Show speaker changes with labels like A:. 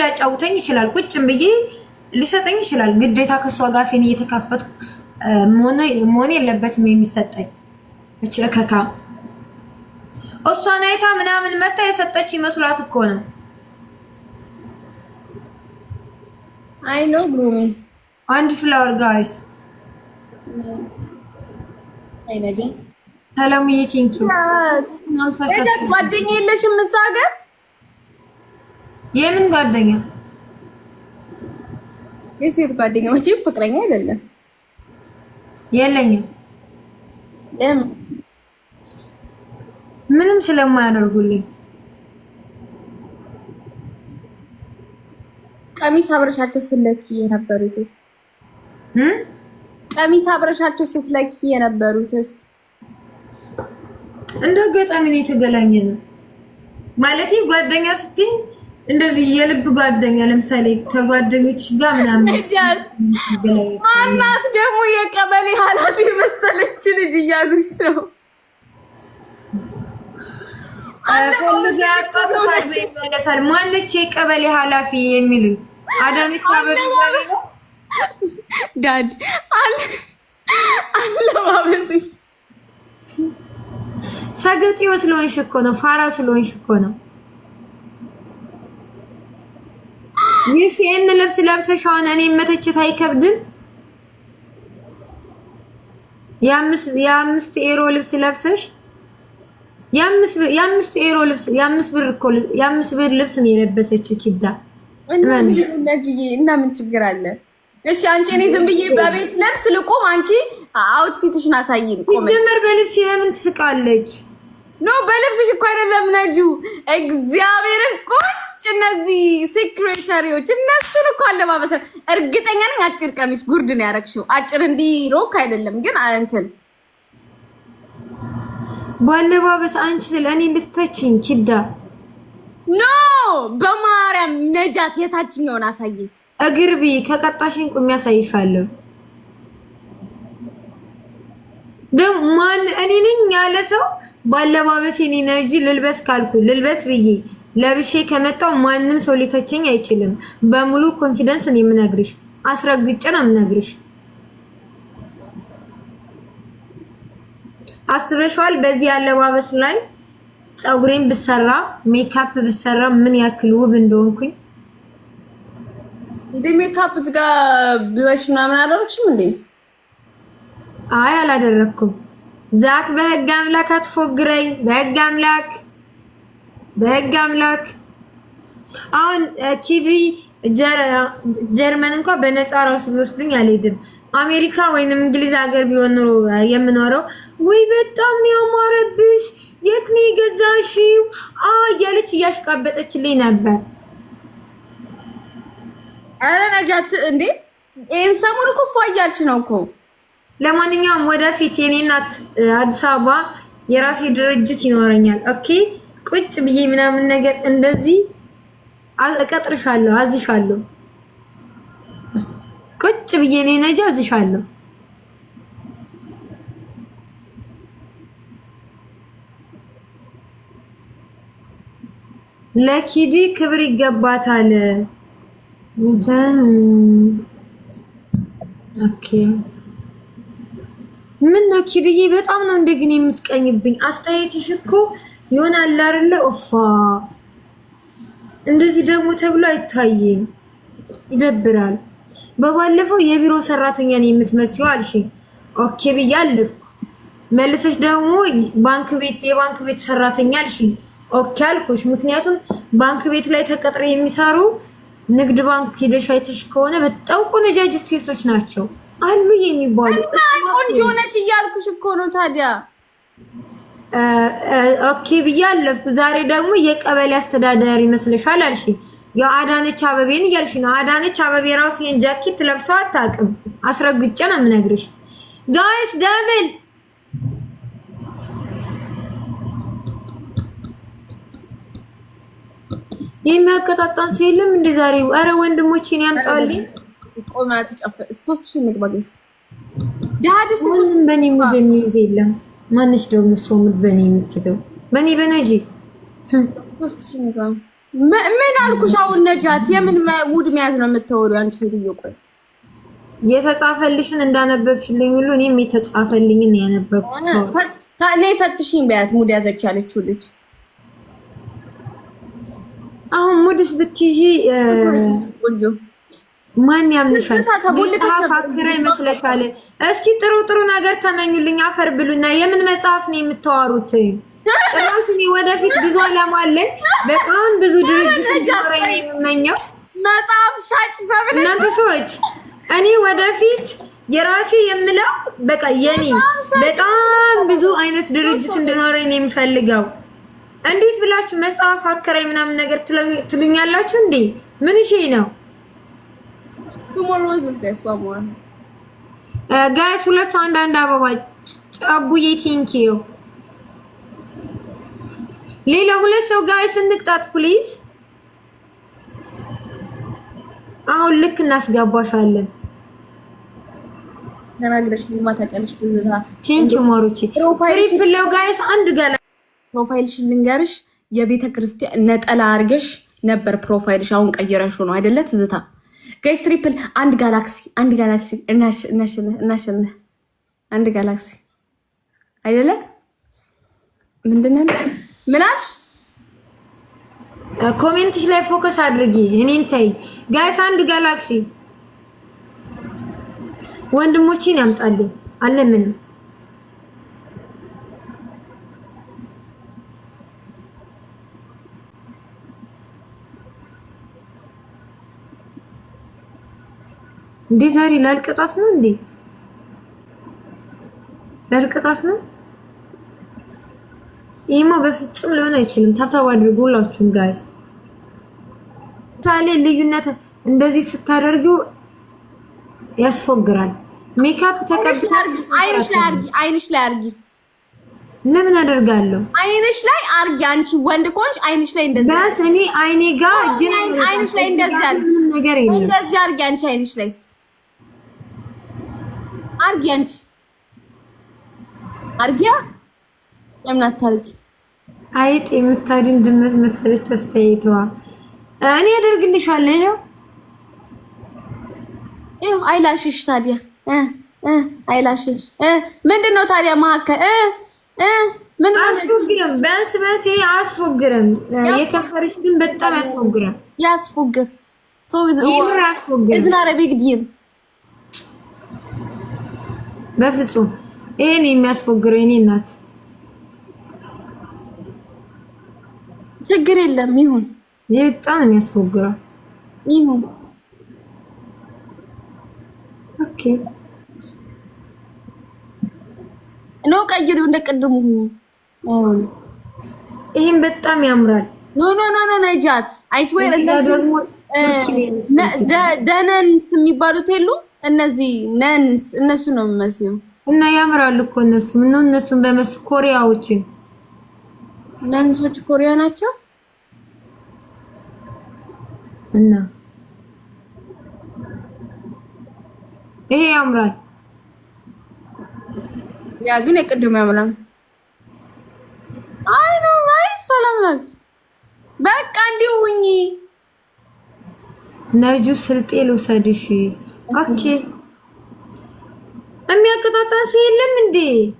A: ሊያጫውተኝ ይችላል። ቁጭም ብዬ ሊሰጠኝ ይችላል። ግዴታ ከእሷ ጋር ፌን እየተካፈትኩ መሆን የለበትም የሚሰጠኝ። እች እከካ እሷን አይታ ምናምን መታ የሰጠች ይመስሏት እኮ ነው።
B: አይ ኖ ግሩሚ
A: አንድ ፍላወር ጋይስ ሰላም
B: ጓደኛ የለሽም እዛ ሀገር
A: የምን ጓደኛ?
B: የሴት ጓደኛ መቼም ፍቅረኛ አይደለም።
A: የለኝም። ምንም ስለማያደርጉልኝ
B: ቀሚስ አብረሻቸው ስትለኪ የነበሩትስ? ቀሚስ አብረሻቸው ስትለኪ የነበሩትስ?
A: እንደ አጋጣሚ ነው የተገናኘ ነው ማለት ጓደኛ ስትይ እንደዚህ የልብ ጓደኛ ለምሳሌ ከጓደኞች ጋር ምናምን
B: ማናት ደግሞ የቀበሌ ኃላፊ መሰለች ልጅ እያሉች ነው
A: ፈልጋ ይመለሳል። ማነች የቀበሌ ኃላፊ የሚሉኝ አዳሚ አበቤ
B: ዳድ አለባበስሽ
A: ሰገጤው ስለሆንሽ እኮ ነው። ፋራ ስለሆንሽ እኮ ነው። ልጅሽ ይህን ልብስ ለብሰሻውን እኔም መተቸት አይከብድም? የአምስት ኤሮ ልብስ ለብሰሽ የአምስት ኤሮ ልብስ የአምስት ብር እኮ የአምስት ብር ልብስ ነው የለበሰችው ኪዳ
B: እና ምን ችግር አለ? እሺ አንቺ እኔ ዝም ብዬ በቤት ልብስ ልቆም፣ አንቺ አውትፊትሽን አሳይን።
A: ሲጀመር በልብስ ለምን ትስቃለች?
B: ኖ በልብስሽ እኮ አይደለም ነጁ እግዚአብሔርን ቆይ እነዚህ ሴክሬታሪዎች እነሱን እኮ አለባበሰ እርግጠኛ ነኝ። አጭር ቀሚስ ጉርድ ነው ያደረግሽው። አጭር እንዲህ ሮክ አይደለም ግን እንትን
A: ባለባበስ አንቺ ስለ እኔ ኪዳ
B: ኖ በማርያም ነጃት የታችኛውን አሳይ።
A: እግር ቢ ከቀጣሽን ቁም ያሳይሻለሁ። ደግሞ ማን እኔ ነኝ ያለ ሰው ባለባበስ እኔ ነጂ ልልበስ ካልኩ ልልበስ ብዬ ለብሼ ከመጣው ማንም ሰው ሊተቸኝ አይችልም። በሙሉ ኮንፊደንስ ነው የምነግርሽ፣ አስረግጬ ነው የምነግርሽ። አስበሽዋል? በዚህ አለባበስ ላይ ፀጉሬን ብሰራ ሜካፕ ብሰራ ምን ያክል ውብ እንደሆንኩኝ።
B: እንዴ ሜካፕ እዚህ ብለሽ ምናምን አደረግሽም እንዴ?
A: አይ አላደረኩም። ዛክ በህግ አምላክ አትፎግረኝ፣ በህግ አምላክ በህግ አምላክ አሁን ኪቪ ጀርመን እንኳ በነፃ ራሱ ቢወስዱኝ አልሄድም። አሜሪካ ወይም እንግሊዝ ሀገር ቢሆን ኖሮ የምኖረው ወይ በጣም ያማረብሽ የት ነው የገዛሽው? እያለች እያሽቃበጠችልኝ ነበር።
B: አረ ነጃት እንዴ ይህን ሰሞን እኮ ፏ እያልሽ ነው እኮ።
A: ለማንኛውም ወደፊት የኔ እናት አዲስ አበባ የራሴ ድርጅት ይኖረኛል። ኦኬ ቁጭ ብዬ ምናምን ነገር እንደዚህ እቀጥርሻለሁ፣ አዝሻለሁ። ቁጭ ብዬ እኔ ነጃ አዝሻለሁ። ለኪዲ ክብር ይገባታል። ኦኬ ምን ነው ኪድዬ፣ በጣም ነው እንደግን የምትቀኝብኝ። አስተያየትሽ እኮ ይሆናል አይደለ? ኦፋ እንደዚህ ደግሞ ተብሎ አይታይም። ይደብራል። በባለፈው የቢሮ ሰራተኛን የምትመስይው አልሽኝ። ኦኬ ብዬ አለፍኩ። መልሰሽ ደግሞ ባንክ ቤት የባንክ ቤት ሰራተኛ አልሽኝ። ኦኬ አልኩሽ። ምክንያቱም ባንክ ቤት ላይ ተቀጥረ የሚሰሩ ንግድ ባንክ ሄደሽ አይተሽ ከሆነ በጣም ቆነጃጅት ሴቶች ናቸው አሉ የሚባሉ።
B: እና ቆንጆ ነሽ እያልኩሽ እኮ ነው ታዲያ
A: ኦኬ ብዬ አለፍኩ። ዛሬ ደግሞ የቀበሌ አስተዳደር ይመስልሻል አልሽ። ያው አዳነች አበቤን እያልሽ ነው። አዳነች አበቤ ራሱ ይሄን ጃኬት ለብሰው አታውቅም። አስረግጬ ነው የምነግርሽ። ጋይስ ደብል የሚያቀጣጣን ሲልም እንደ ዛሬው። አረ ወንድሞቼ ነው ያምጣልኝ።
B: ቆማ ተጨፈ 3000 ንግባ ጋይስ ዳሃ 3000
A: ምን ሙድ የሚይዝ የለም ማነች ደግሞ ሰው ምድ በእኔ የምትይዘው በእኔ በነጂ
B: ምን አልኩሽ? አሁን ነጃት የምን ውድ መያዝ ነው የምታወሪው አንቺ ሴትዮ? ቆይ
A: የተጻፈልሽን እንዳነበብሽልኝ ሁሉ እኔም የተጻፈልኝን ያነበብኩት
B: እኔ ፈትሽኝ በያት። ሙድ ያዘች ያለችው ልጅ
A: አሁን ሙድስ ብትይዢ ማን ያምንሻል? መጽሐፍ አክረ ይመስለሻል? እስኪ ጥሩ ጥሩ ነገር ተመኙልኝ፣ አፈር ብሉና። የምን መጽሐፍ ነው የምታወሩት? ጭራሽ ወደፊት ብዙ አላማ አለኝ፣ በጣም ብዙ ድርጅት እንዲኖረኝ ነው የምመኘው።
B: መጽሐፍ ሻጭ ዘብል
A: እናንተ ሰዎች፣ እኔ ወደፊት የራሴ የምለው በቃ የኔ በጣም ብዙ አይነት ድርጅት እንዲኖረኝ ነው የምፈልገው። እንዴት ብላችሁ መጽሐፍ አከራይ ምናምን ነገር ትሉኛላችሁ እንዴ? ምን ነው
B: ጋይስ
A: uh, ሁለት ሰው አንዳንድ አበባ ጫቡዬ ቴንኪዩ። ሌላ ሁለት ሰው ጋይስ እንቅጣት ፕሊዝ። አሁን ልክ እናስገባሻለን። ተናግረሽ ጋይስ አንድ ገላ
B: ፕሮፋይልሽን ልንገርሽ፣ የቤተ ክርስቲያን ነጠላ አድርገሽ ነበር ፕሮፋይልሽ። አሁን ቀይረሽው ነው አይደለ ትዝታ? ጋይስ ትሪፕል አንድ ጋላክሲ አንድ ጋላክሲ እናሸንፍ። አንድ ጋላክሲ አይደለ? ምንድን ምናሽ?
A: ኮሜንትሽ ላይ ፎከስ አድርጊ፣ እኔን ተይ። ጋይስ አንድ ጋላክሲ ወንድሞቼን ያምጣልኝ አለምንም እንዴ ዛሬ ላልቅጣት ነው እንዴ? ላልቅጣት ነው? ይህማ በፍጹም ሊሆን አይችልም። ታብታብ አድርጉ ሁላችሁም ጋይስ። ምሳሌ ልዩነት እንደዚህ ስታደርጊው ያስፎግራል። ሜካፕ
B: ተቀብታ አይንሽ ላይ አርጊ፣ አይንሽ ላይ አርጊ።
A: ለምን አደርጋለሁ?
B: አይንሽ ላይ አርጊ። አንቺ ወንድ ከሆንሽ አይንሽ ላይ እንደዚህ
A: ዳንስ እኔ አይኔ ጋር
B: አይንሽ ላይ እንደዚህ አርጊ፣ እንደዚህ አርጊ። አንቺ አይንሽ ላይ እስኪ አርጊ አንቺ አርጊያ ለምን አታርጊ?
A: አይጥ የምታድን ድመት መሰለች አስተያየትዋ። እኔ አደርግልሻለሁ። ይሄው
B: ይሄው አይላሽሽ ታዲያ አይላሽሽ እ ምንድነው ታዲያ መሀከል እ እ
A: ምንድነው? አያስፎግርም። ቢያንስ ቢያንስ ግን በጣም ያስፎግራል።
B: ያስፎግር ሶ ኢዝ ኦል ኢዝ አ ቢግ ዲል
A: በፍጹም ይሄን የሚያስፎግረው እኔ እናት
B: ችግር የለም ይሁን።
A: ይህ በጣም የሚያስፎግረው ይሁን። ኦኬ
B: ኖ ቀይሪው፣ እንደ ቅድሙ
A: አሁን ይሄን በጣም ያምራል።
B: ኖ ኖ ኖ ኖ ነጃት አይስ ወይ ደግሞ ደነንስ የሚባሉት የሉም እነዚህ ነንስ እነሱ ነው የሚመስለው
A: እና ያምራሉ እኮ እነሱ ምን ነው እነሱን በመስ ኮሪያዎችን
B: ነንሶች ኮሪያ ናቸው
A: እና ይሄ ያምራል።
B: ያ ግን የቅድም ያምራል። አይ ኖ ማይ ሰላም ናት በቃ እንዲሁ
A: ነጁ ስልጤ ልውሰድሽ ኦኬ። የሚያቀጣጣ ሰው የለም እንዴ?